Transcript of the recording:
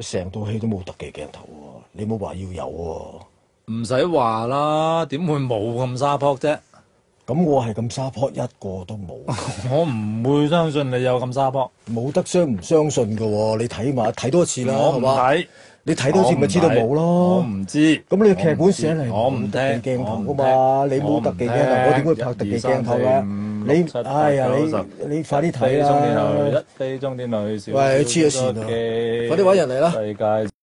成套戲都冇特技鏡頭喎，你冇話要有喎、啊，唔使話啦，點會冇咁沙迫啫？咁我係咁沙迫一個都冇， 我唔會相信你有咁沙迫，冇得相唔相信噶，你睇嘛，睇多次啦，咪的？睇吧。你睇多次咪知道冇咯，唔知。咁你劇本寫嚟係鏡頭噶嘛，你冇特技鏡頭，我點會拍特技鏡頭咧？你，哎呀，你你快啲睇啦！飛鐘點來？飛鐘點來？喂，黐咗線啊，快啲揾人嚟啦！世界。